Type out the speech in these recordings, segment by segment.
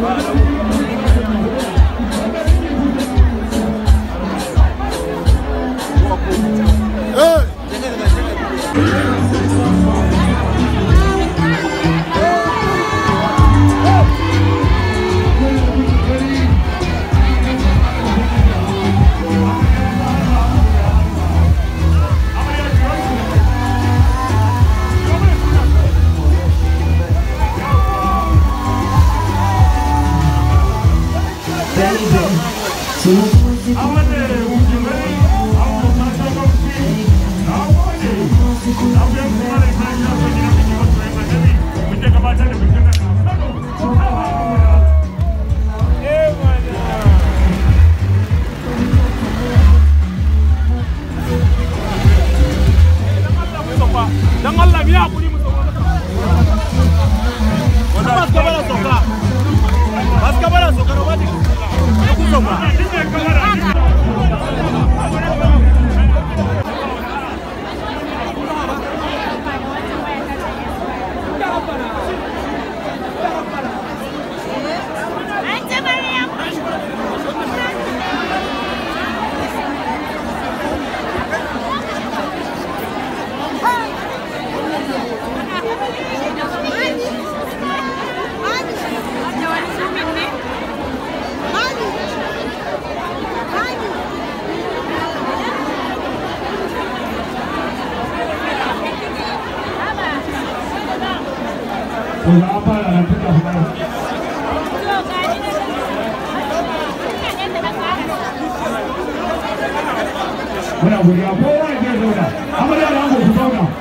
Para guri a kowa ya zai zauna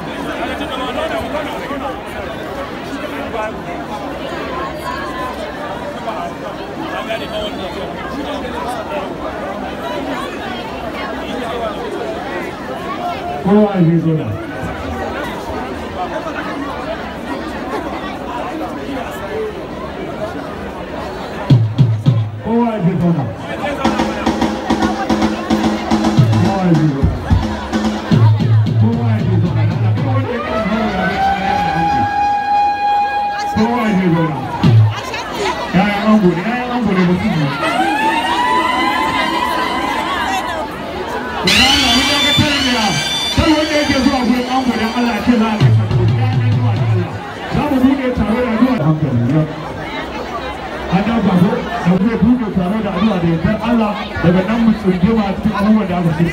abu zai tare da addu'a da yardar Allah daga nan mu tsunduma cikin abubuwan da aka ce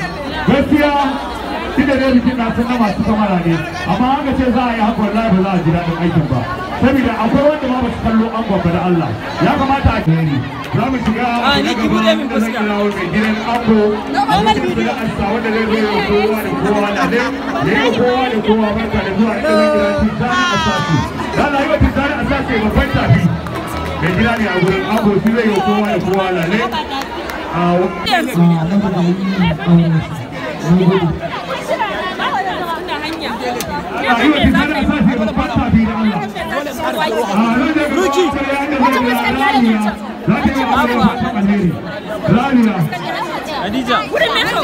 gaskiya ita ne bikin na sun su kamara ne amma haka ce za a yi hakan lafi ba za a ji daɗin aikin ba saboda akwai wanda ma ba su kallo an gwabba da Allah ya kamata a gani za mu shiga a min gidan ako normal video da wanda zai kowa da kowa kowa da mai gida ne a gurin aboki zai yi Wurin metro,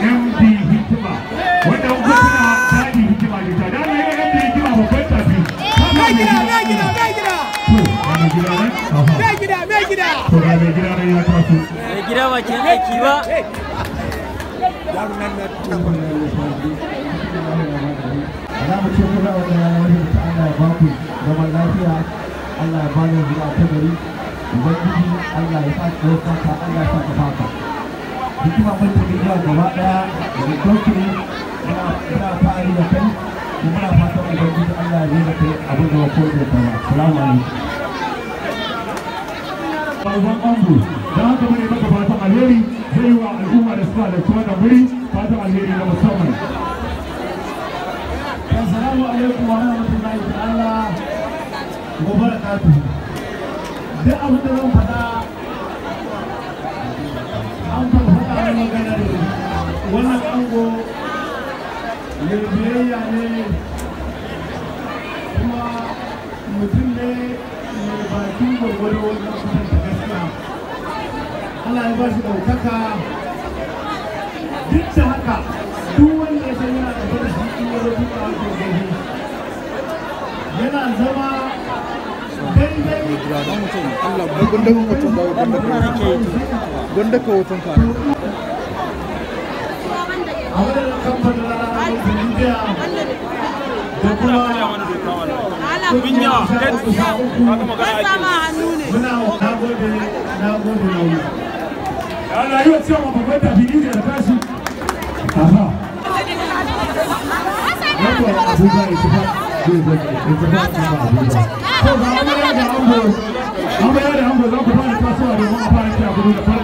MD Hikima wanda kuka tuna Dadi Hikima ta Hikima babban tafi mai gida to gida ne gida mai gida to mai gida ne ya tafi mai gida ba ke aiki ba yaro nan na takwas za mu Allah ya baku lafiya Allah ya bani zuwa ta gari ubangiji Allah ya ka Allah ya ka hukuma mai tafiya gaba daya da dokin muna fari da kai kuma muna fatan ubangiji Allah ya zai kai abin da wako da Ambu, don haka mune maka fatan alheri zai yi wa al'umma da suka da tuwa da wuri fatan alheri na musamman. Assalamu alaikum wa rahmatullahi maganar wannan ango mai biyayya ne kuma mutum ne mai bakin gwagwaro wanda kuma da gaskiya Allah ya ba shi ɗaukaka duk da haka duk wanda ya san yana da farin ciki ya rubuta a gwagwaro yana zama daidai gwanda ka a wadannan kamfanin rana na kamfanin libya da kuma kungiya ta kusa da tashi aha ko ga amarya da ambo amarya da ambo za ku fara tasowa domin a fara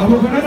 Uga,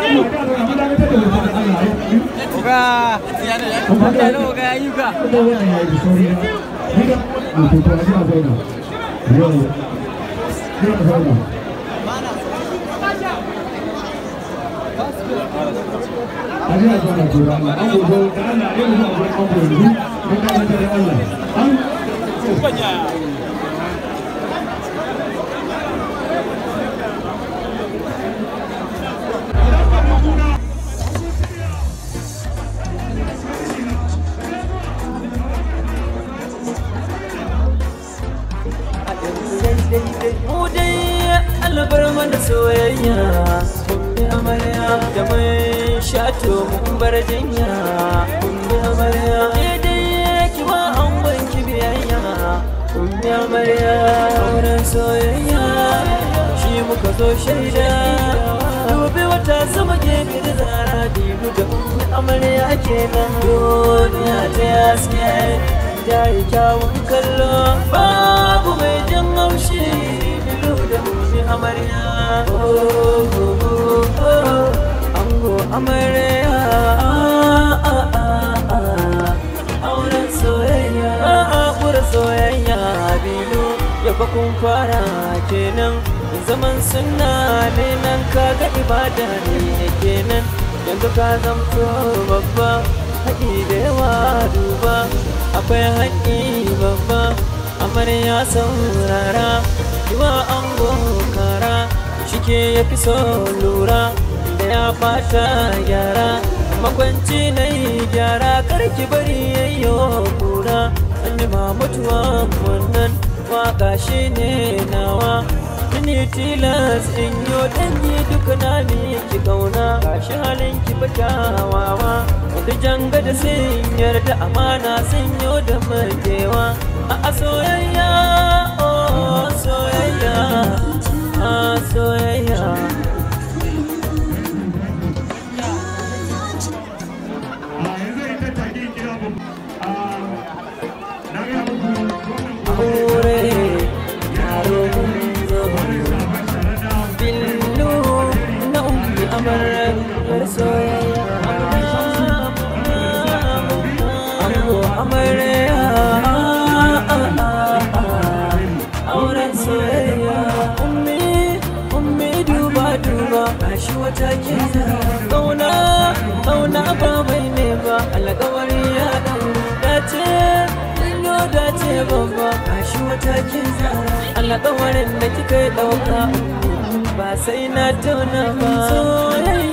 soyayya kumbi amarya shato mun bar jinya kumbi amarya daidai kiwa an biyayya amarya auren soyayya shi muka zo shaida dubi wata sama gefe da zara dibu da amarya kenan duniya ta yaske ta yi kyawun kallo babu mai jan haushi amarya ango amarya auren soyayya aure soyayya bilu yaba kun fara kenan zaman sunna ne nan kaga ibada ne kenan yanzu ka zamto babba haƙi da yawa duba akwai haƙi babba amarya saurara yiwa ango shike ya fi so lura da ya fata gyara makwanci na yi gyara karki bari yayyo kura an ma mutuwa wannan waka shi ne nawa ni tilas in yo yi duka na ki kauna Kashi halin ki baka wawa wata janga da sun yarda amana sun yo da makewa a soyayya oh soyayya yeah. matakin ƙauna ba mai ne ba alƙawari ya dace dinyo dace babba kashi matakin alƙawarin da kika yi ɗauka ba sai na tauna ba soyayya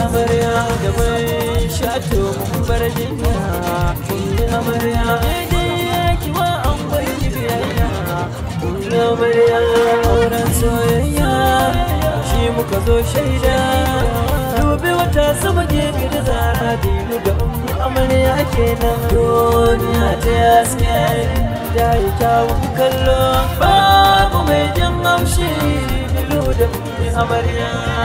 amarya da mai shato mun bar jinya kulle amarya daidai kiwa an bar biyayya kulle amarya auren soyayya shi muka zo shaida dubi wata sama gefe da zara dinu da umu amarya kenan duniya ta yaske da yi kyawun kallo babu mai jin amshi bilu da umu amarya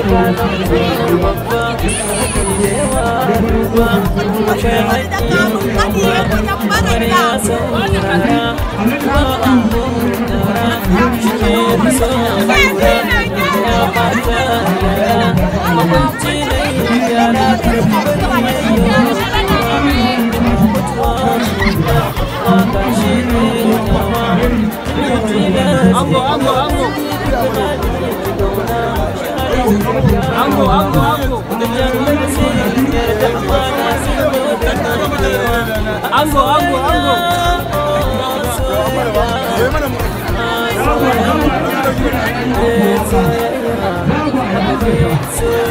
وكان في الوفاء 안고 안고 안고 안고 안고 안고